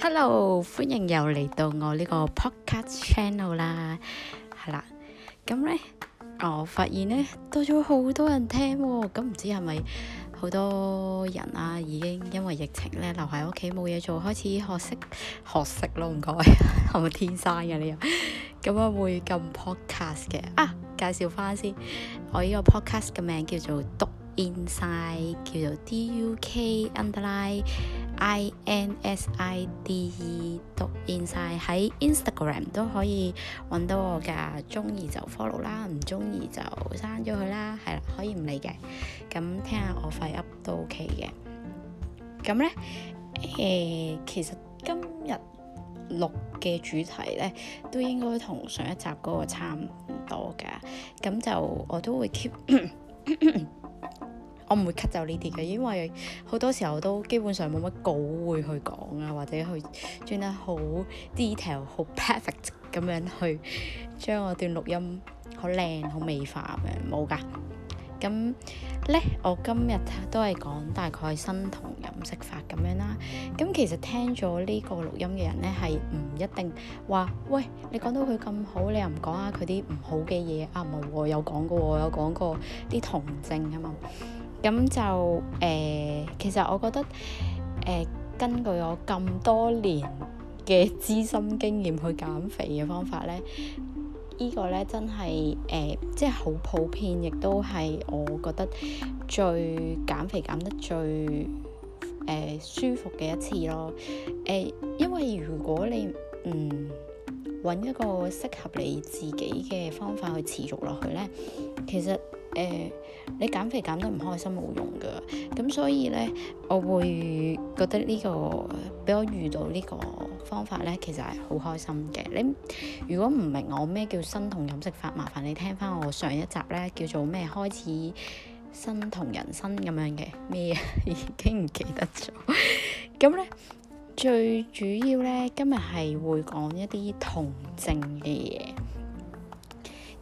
Hello，歡迎又嚟到我呢個 Podcast Channel 啦，係啦，咁呢，我發現呢，多咗好多人聽、哦，咁、嗯、唔知係咪好多人啊，已經因為疫情呢，留喺屋企冇嘢做，開始學識學識咯，唔該，係 咪天生嘅你又咁我會撳 Podcast 嘅啊，這個、 啊介紹翻先，我呢個 Podcast 嘅名叫做 Duk Inside，叫做 D.U.K. underline。E. inside.com 喺 Instagram 都可以揾到我噶，中意就 follow 啦，唔中意就刪咗佢啦，係啦，可以唔理嘅。咁聽下我廢 up 都 OK 嘅。咁呢，誒、呃，其實今日錄嘅主題呢，都應該同上一集嗰個差唔多噶。咁就我都會 keep。 我唔會 cut 走呢啲嘅，因為好多時候都基本上冇乜稿會去講啊，或者去專得好 detail、好 perfect 咁樣去將我段錄音好靚、好美化咁冇㗎。咁咧，我今日都係講大概生酮飲食法咁樣啦。咁其實聽咗呢個錄音嘅人咧，係唔一定話喂你講到佢咁好，你又唔講下佢啲唔好嘅嘢啊？冇喎，有講過喎，有講過啲酮症啊嘛。咁就誒、呃，其實我覺得誒、呃，根據我咁多年嘅資深經驗去減肥嘅方法咧，這個、呢個咧真係誒、呃，即係好普遍，亦都係我覺得最減肥減得最誒、呃、舒服嘅一次咯。誒、呃，因為如果你唔搵、嗯、一個適合你自己嘅方法去持續落去咧，其實。誒、呃，你減肥減得唔開心冇用噶，咁所以咧，我會覺得呢、這個俾我遇到呢個方法咧，其實係好開心嘅。你如果唔明我咩叫生酮飲食法，麻煩你聽翻我上一集咧，叫做咩開始生酮人生咁樣嘅咩啊，已經唔記得咗。咁 咧，最主要咧，今日係會講一啲酮疹嘅嘢。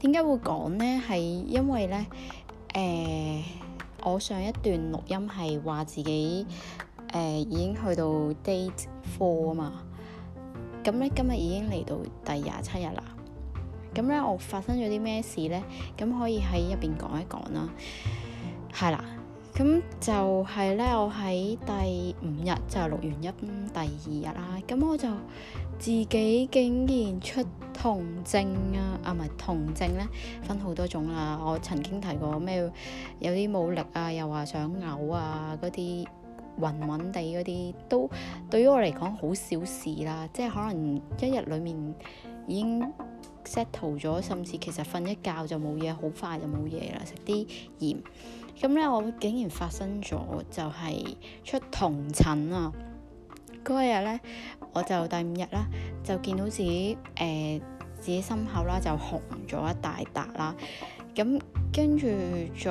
點解會講呢？係因為呢，誒、呃，我上一段錄音係話自己誒、呃、已經去到 date four 啊嘛。咁咧，今日已經嚟到第廿七日啦。咁咧我發生咗啲咩事呢？咁可以喺入邊講一講啦。係啦，咁就係咧，我喺第五日就係、錄完音，第二日啦。咁我就。自己竟然出酮症啊！啊，唔係酮症咧，分好多種啦。我曾經提過咩有啲冇力啊，又話想嘔啊，嗰啲暈暈地嗰啲，都對於我嚟講好小事啦。即係可能一日裡面已經 settle 咗，甚至其實瞓一覺就冇嘢，好快就冇嘢啦。食啲鹽，咁咧我竟然發生咗，就係出酮疹啊！嗰日咧，我就第五日啦，就見到自己誒、呃、自己心口啦就紅咗一大笪啦，咁跟住再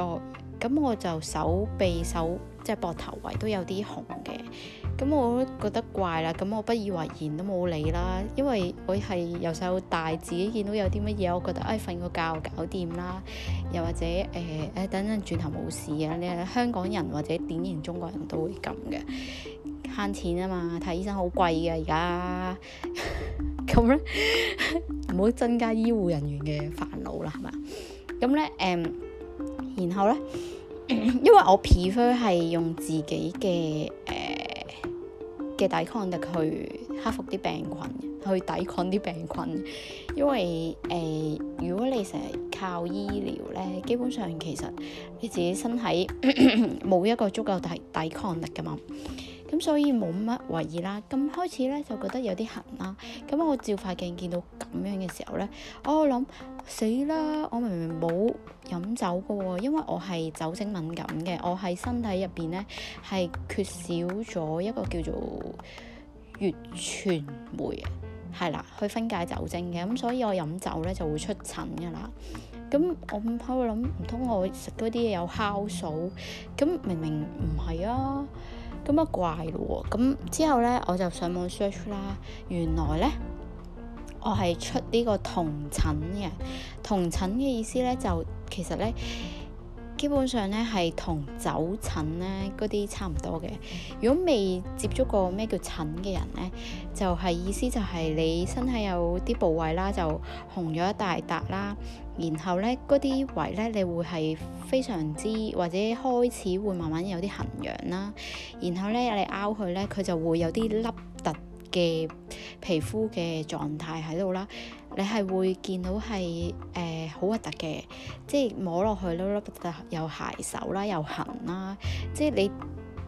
咁我就手臂手、手即係膊頭位都有啲紅嘅，咁我都覺得怪啦，咁我不以為然都冇理啦，因為我係由細到大自己見到有啲乜嘢，我覺得誒瞓、哎、個覺搞掂啦，又或者誒誒、呃、等陣轉頭冇事啊，你香港人或者典型中國人都會咁嘅。慳錢啊嘛！睇醫生好貴㗎而家，咁咧唔好增加醫護人員嘅煩惱啦，係嘛？咁咧誒，然後咧， 因為我 prefer 係用自己嘅誒嘅抵抗力去克服啲病菌，去抵抗啲病菌。 因為誒、呃，如果你成日靠醫療咧，基本上其實你自己身體冇咳咳一個足夠抵抵抗力噶嘛。咁、嗯、所以冇乜懷疑啦。咁、嗯、開始咧就覺得有啲痕啦。咁、嗯、我照塊鏡見到咁樣嘅時候咧，我諗死啦！我明明冇飲酒嘅喎，哦，因為我係酒精敏感嘅，我係身體入邊咧係缺少咗一個叫做乙醛酶，係啦去分解酒精嘅。咁、嗯、所以我飲酒咧就會出疹噶啦。咁、嗯嗯、我喺度諗唔通我食嗰啲嘢有酵素，咁、嗯嗯、明明唔係啊～咁啊，怪咯。咁之後咧，我就上網 search 啦。原來咧，我係出呢個酮疹嘅。酮疹嘅意思咧，就其實咧。嗯基本上咧係同疹咧嗰啲差唔多嘅。如果未接觸過咩叫疹嘅人咧，就係、是、意思就係你身體有啲部位啦，就紅咗一大笪啦。然後咧嗰啲位咧，你會係非常之或者開始會慢慢有啲痕癢啦。然後咧你撓佢咧，佢就會有啲凹凸嘅皮膚嘅狀態喺度啦。你係會見到係誒好核突嘅，即係摸落去粒又鞋手啦，又痕啦，即係你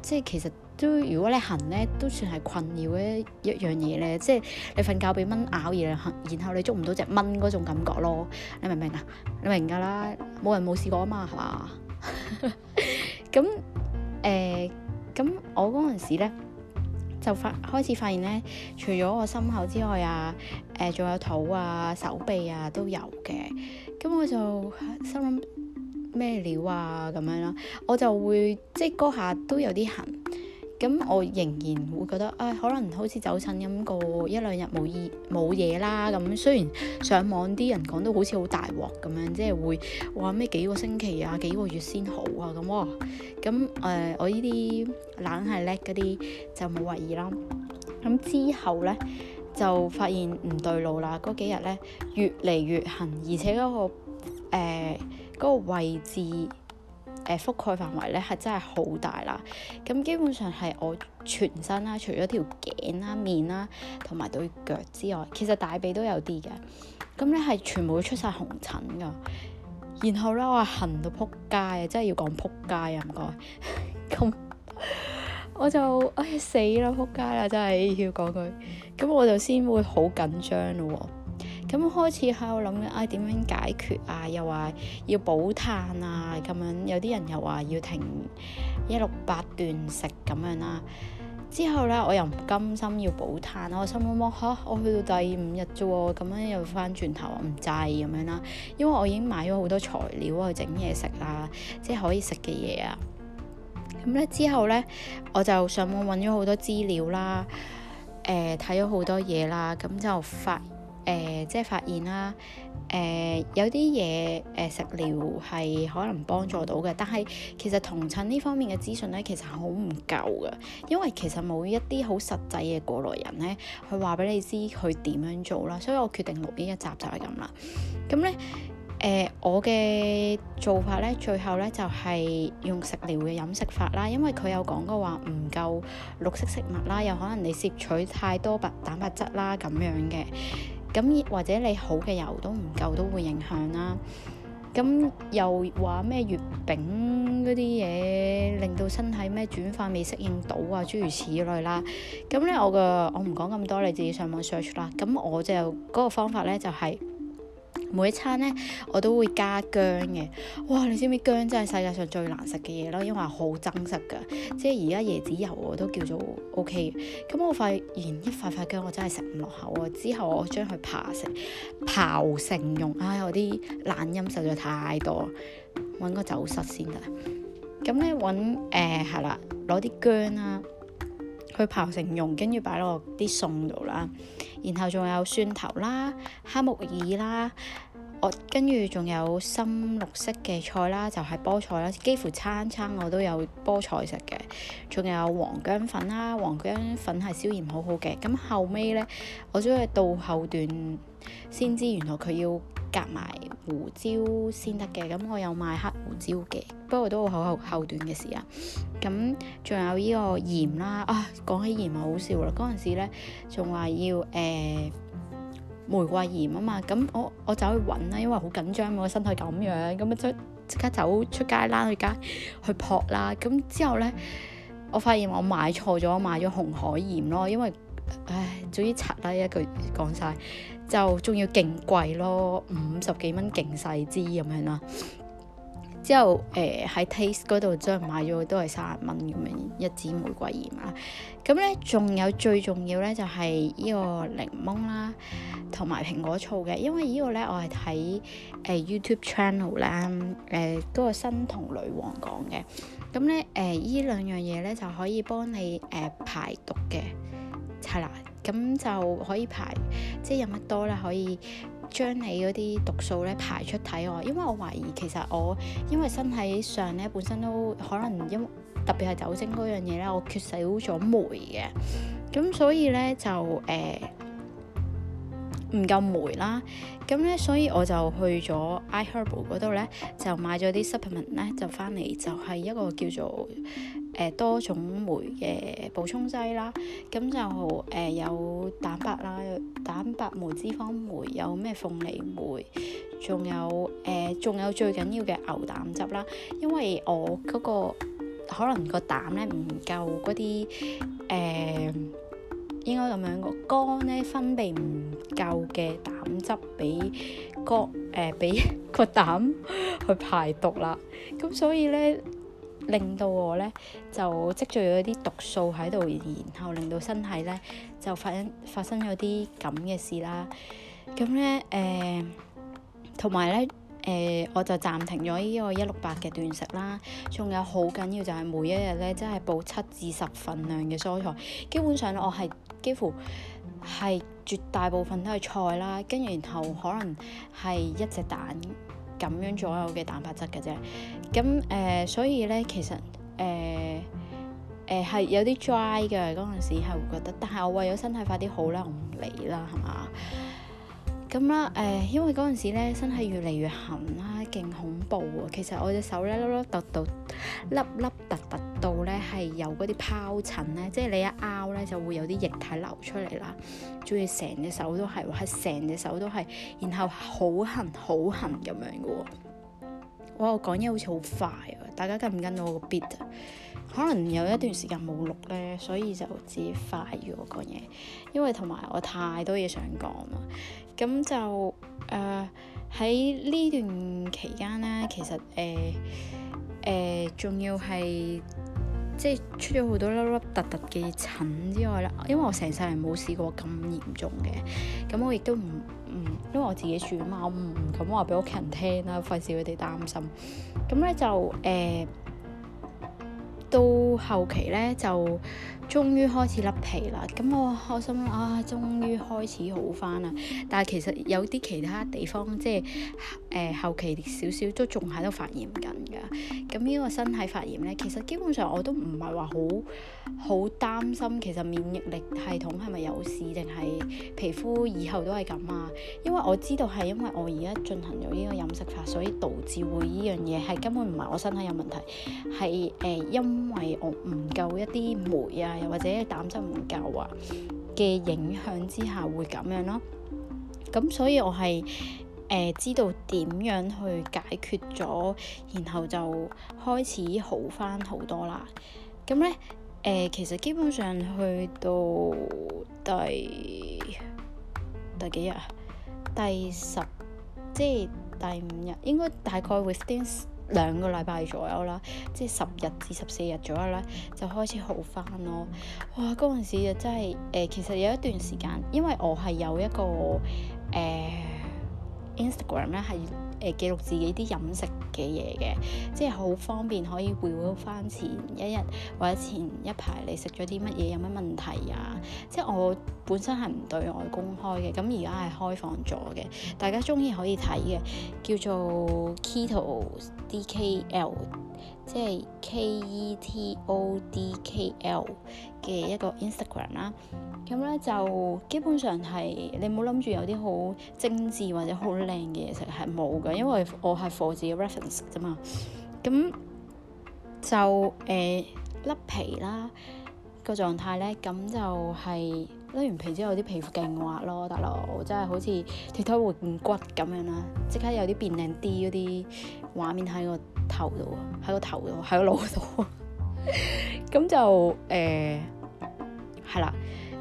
即係其實都如果你痕咧，都算係困擾嘅一樣嘢咧，即係你瞓覺被蚊咬而然後你捉唔到隻蚊嗰種感覺咯，你明唔明啊？你明㗎啦，冇人冇試過啊嘛，係嘛？咁誒咁我嗰陣時咧。就發開始發現咧，除咗我心口之外啊，誒、呃、仲有肚啊、手臂啊都有嘅。咁、嗯、我就、啊、心諗咩料啊咁樣啦，我就會即係嗰下都有啲痕。咁我仍然會覺得，誒、哎、可能好似走親咁過一兩日冇嘢冇嘢啦。咁雖然上網啲人講到好似好大鑊咁樣，即係會話咩幾個星期啊、幾個月先好啊咁。哇！咁誒、呃、我呢啲懶係叻嗰啲就冇為意啦。咁之後咧就發現唔對路啦。嗰幾日咧越嚟越痕，而且嗰、那個誒嗰、呃那個位置。呃、覆蓋範圍咧係真係好大啦，咁基本上係我全身啦、啊，除咗條頸啦、啊、面啦同埋對腳之外，其實大髀都有啲嘅。咁咧係全部出晒紅疹㗎，然後咧我痕到撲街啊，真係要講撲街啊唔該。咁 我就唉、哎、死啦撲街啦，真係要講句。咁我就先會好緊張咯喎。咁開始喺度諗啊，點樣解決啊？又話要補碳啊，咁樣有啲人又話要停一六八段食咁樣啦。之後咧，我又唔甘心要補碳，我心諗嚇，啊，我去到第五日啫喎，咁樣又翻轉頭唔制。咁樣啦。因為我已經買咗好多材料去整嘢食啦，即係可以食嘅嘢啊。咁咧之後咧，我就上網揾咗好多資料啦，誒睇咗好多嘢啦，咁就發。誒、呃，即係發現啦。誒、呃，有啲嘢誒食療係可能幫助到嘅，但係其實同襯呢方面嘅資訊咧，其實好唔夠嘅，因為其實冇一啲好實際嘅過來人咧去話俾你知佢點樣做啦。所以我決定錄呢一集就係咁啦。咁咧，誒、呃，我嘅做法咧，最後咧就係、是、用食療嘅飲食法啦，因為佢有講過話唔夠綠色食物啦，又可能你攝取太多白蛋白質啦咁樣嘅。咁或者你好嘅油都唔夠都會影響啦，咁又話咩月餅嗰啲嘢令到身體咩轉化未適應到啊，諸如此類啦。咁咧，我個我唔講咁多，你自己上網 search 啦。咁我就嗰個方法咧就係。每一餐咧，我都會加薑嘅。哇，你知唔知薑真係世界上最難食嘅嘢咯？因為好憎食㗎。即係而家椰子油我都叫做 OK。咁我發現一塊塊薑我真係食唔落口啊。之後我將佢刨成刨成用。唉，我啲懶音實在太多，揾個走失先得。咁咧揾誒，係啦，攞啲薑啦。佢刨成蓉，跟住擺落啲餸度啦，然後仲有蒜頭啦、黑木耳啦，我跟住仲有深綠色嘅菜啦，就係菠菜啦，幾乎餐餐我都有菠菜食嘅，仲有黃姜粉啦，黃姜粉係消炎好好嘅。咁後尾呢，我終於到後段先知原來佢要。夾埋胡椒先得嘅，咁我有買黑胡椒嘅，不過都好後後段嘅事啊。咁仲有呢個鹽啦，啊講起鹽咪好笑啦，嗰陣時咧仲話要誒、呃、玫瑰鹽啊嘛，咁我我走去揾啦，因為好緊張，我身體咁樣，咁樣即即刻走出街啦，去街去撲啦，咁之後咧我發現我買錯咗，買咗紅海鹽咯，因為唉終於拆啦。一句講晒。就仲要勁貴咯，五十幾蚊勁細支咁樣啦。之後誒喺、呃、Taste 嗰度真係買咗都係三十蚊咁樣一枝玫瑰鹽啦。咁咧仲有最重要咧就係呢個檸檬啦，同埋蘋果醋嘅。因為個呢個咧我係睇誒 YouTube channel 咧誒嗰個生酮女王講嘅。咁咧誒呢兩樣嘢咧就可以幫你誒、呃、排毒嘅，係啦。咁就可以排，即係飲得多咧，可以將你嗰啲毒素咧排出體外。因為我懷疑其實我因為身體上咧本身都可能因特別係酒精嗰樣嘢咧，我缺少咗酶嘅。咁所以咧就誒唔夠酶啦。咁咧所，所以我就去咗 iHerbal 嗰度咧，就買咗啲 supplement 咧，就翻嚟就係一個叫做。誒、呃、多種酶嘅補充劑啦，咁就誒、呃、有蛋白啦，有蛋白酶、脂肪酶，有咩鳳梨酶，仲有誒，仲、呃、有最緊要嘅牛膽汁啦。因為我嗰、那個可能個膽咧唔夠嗰啲誒，應該咁樣個肝咧分泌唔夠嘅膽汁俾個誒俾、呃、個膽去排毒啦，咁所以咧。令到我咧就積聚咗啲毒素喺度，然後令到身體咧就發生發生咗啲咁嘅事啦。咁咧誒，同埋咧誒，我就暫停咗呢個一六八嘅斷食啦。仲有好緊要就係每一日咧，真係補七至十份量嘅蔬菜。基本上我係幾乎係絕大部分都係菜啦，跟住然後可能係一隻蛋。咁樣左右嘅蛋白質嘅啫，咁誒、呃，所以呢，其實誒誒係有啲 dry 嘅嗰陣時，係會覺得，但係我為咗身體快啲好啦，我唔理啦，係嘛？咁啦，誒、呃，因為嗰陣時咧，身體越嚟越痕啦，勁恐怖喎。其實我隻手咧，粒粒突突粒粒突突到咧，係有嗰啲皰疹咧，即係你一凹咧就會有啲液體流出嚟啦。仲要成隻手都係喎，成隻手都係，然後好痕好痕咁樣嘅喎。哇！我講嘢好似好快啊，大家跟唔跟到我個 beat 啊？可能有一段時間冇錄咧，所以就自己快咗講嘢，因為同埋我太多嘢想講啦。咁就誒喺呢段期間咧，其實誒誒仲要係即係出咗好多粒粒突突嘅疹之外啦，因為我成世冇試過咁嚴重嘅，咁我亦都唔唔，因為我自己住嘛，我唔敢話俾屋企人聽啦、啊，費事佢哋擔心。咁咧就誒、呃、到後期咧就。終於開始甩皮啦！咁我開心啦啊！終於開始好返啦！但係其實有啲其他地方即係誒、呃、後期少少都仲喺度發炎緊㗎。咁呢個身體發炎呢，其實基本上我都唔係話好好擔心。其實免疫力系統係咪有事定係皮膚以後都係咁啊？因為我知道係因為我而家進行咗呢個飲食法，所以導致會呢樣嘢係根本唔係我身體有問題，係誒、呃、因為我唔夠一啲酶啊！又或者膽汁唔夠啊嘅影響之下，會咁樣咯。咁所以我係誒、呃、知道點樣去解決咗，然後就開始好返好多啦。咁咧誒，其實基本上去到第第幾日？第十，即係第五日，應該大概會兩個禮拜左右啦，即係十日至十四日左右啦，就開始好返咯。哇！嗰陣時真係誒、呃，其實有一段時間，因為我係有一個。誒、呃。Instagram 咧係誒記錄自己啲飲食嘅嘢嘅，即係好方便可以回顧返前一日或者前一排你食咗啲乜嘢，有乜問題啊？即係我本身係唔對外公開嘅，咁而家係開放咗嘅，大家鍾意可以睇嘅，叫做 Keto DKL。即係 K E T O D K L 嘅一個 Instagram 啦，咁咧就基本上係你唔好諗住有啲好精緻或者好靚嘅嘢食，其實係冇噶因為我係 for 自己 reference 啫嘛。咁就誒甩、呃、皮啦，個狀態咧，咁就係甩完皮之後啲皮膚勁滑咯，大佬真係好似脫胎換骨咁樣啦，即刻有啲變靚啲嗰啲畫面喺我。頭度啊，喺個頭度，喺個腦度啊，咁 就誒係啦，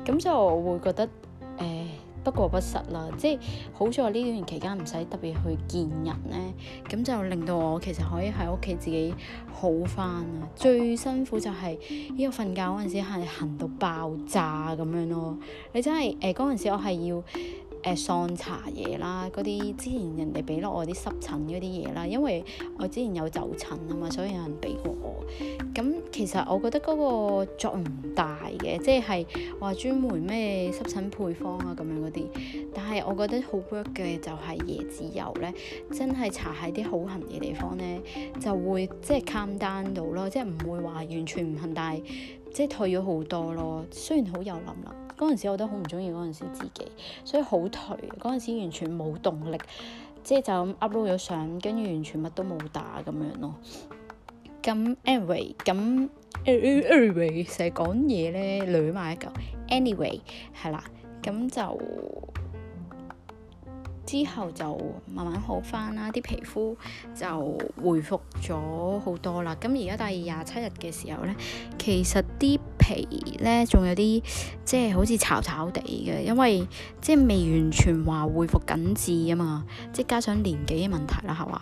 咁、呃、就會覺得誒、呃、不過不失啦。即係好在呢段期間唔使特別去見人咧，咁就令到我其實可以喺屋企自己好翻啊。最辛苦就係呢個瞓覺嗰陣時係痕到爆炸咁樣咯。你真係誒嗰陣時我係要。誒喪、呃、茶嘢啦，嗰啲之前人哋俾落我啲濕疹嗰啲嘢啦，因為我之前有走診啊嘛，所以有人俾過我。咁其實我覺得嗰個作用唔大嘅，即係話專門咩濕疹配方啊咁樣嗰啲。但係我覺得好 work 嘅就係椰子油咧，真係搽喺啲好痕嘅地方咧，就會即係 calm down 到咯，即係唔會話完全唔痕，但係即係退咗好多咯。雖然好油淋淋。嗰陣時我都好唔鍾意嗰陣時自己，所以好頹。嗰陣時完全冇動力，即係就 upload 咗相，跟住完全乜都冇打咁樣咯。咁 anyway，咁 anyway 成日講嘢咧，濾埋一嚿。anyway 係、anyway, anyway，啦，咁就之後就慢慢好返啦，啲皮膚就恢復咗好多啦。咁而家第二廿七日嘅時候咧，其實啲皮咧仲有啲即係好似巢巢地嘅，因為即係、就是、未完全話恢復緊致啊嘛，即係加上年紀嘅問題啦，係嘛，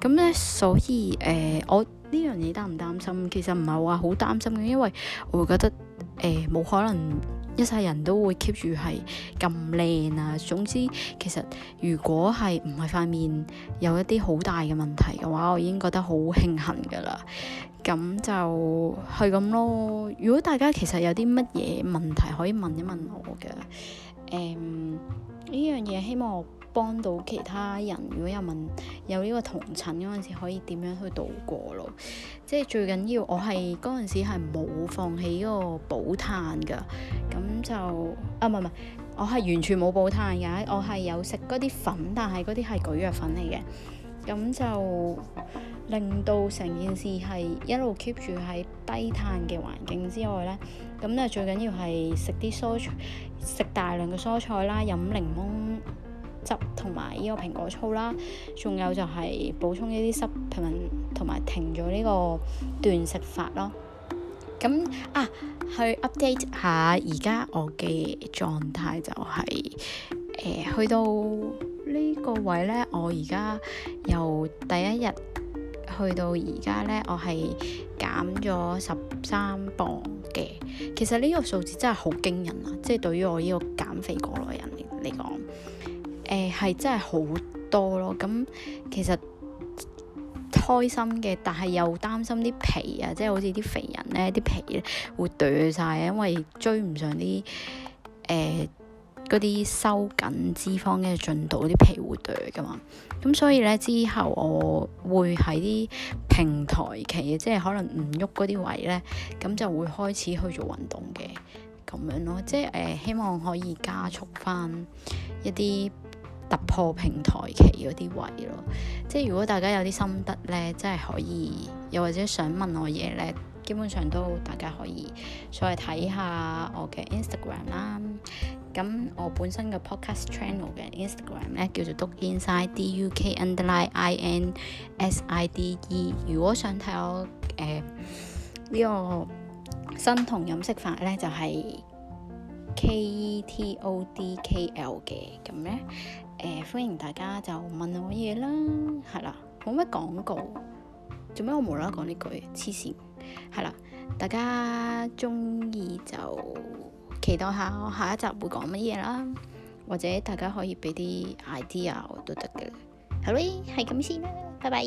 咁咧所以誒、呃、我呢樣嘢擔唔擔心？其實唔係話好擔心嘅，因為我會覺得誒冇、呃、可能。一世人，都會 keep 住係咁靚啊！總之，其實如果係唔係塊面有一啲好大嘅問題嘅話，我已經覺得好慶幸㗎啦。咁就係咁咯。如果大家其實有啲乜嘢問題，可以問一問我嘅。誒、嗯，呢樣嘢希望幫到其他人。如果有問有呢個酮疹嗰陣時，可以點樣去度過咯？即係最緊要，我係嗰陣時係冇放棄呢個補碳㗎。咁就啊，唔係唔係，我係完全冇補碳㗎。我係有食嗰啲粉，但係嗰啲係蒟蒻粉嚟嘅。咁就令到成件事係一路 keep 住喺低碳嘅環境之外呢。咁咧最緊要係食啲蔬菜，食大量嘅蔬菜啦，飲檸檬汁同埋呢個蘋果醋啦，仲有就係補充一啲濕平衡，同埋停咗呢個斷食法咯。咁啊，去 update 下而家我嘅狀態就係誒，去到呢個位呢。我而家由第一日去到而家呢，我係減咗十三磅嘅。其實呢個數字真係好驚人啊！即係對於我呢個減肥過來人嚟講。誒係、欸、真係好多咯，咁其實開心嘅，但係又擔心啲皮啊，即係好似啲肥人咧，啲皮會掉晒，因為追唔上啲誒嗰啲收緊脂肪嘅進度，啲皮會掉㗎嘛。咁所以咧，之後我會喺啲平台期，即係可能唔喐嗰啲位咧，咁就會開始去做運動嘅，咁樣咯，即係誒、呃、希望可以加速返一啲。突破平台期嗰啲位咯，即係如果大家有啲心得咧，即係可以，又或者想問我嘢咧，基本上都大家可以再睇下我嘅 Instagram 啦。咁我本身嘅 podcast channel 嘅 Instagram 咧叫做 Duk Inside，D U K underline I N S I D E。如果想睇我誒呢、呃這個生酮飲食法咧，就係、是、K E T O D K L 嘅咁咧。誒、呃，歡迎大家就問我嘢啦，係啦，冇乜廣告，做咩我無啦啦講呢句，黐線，係啦，大家中意就期待下我下一集會講乜嘢啦，或者大家可以俾啲 idea 我都得嘅，好啦，係咁先啦，拜拜。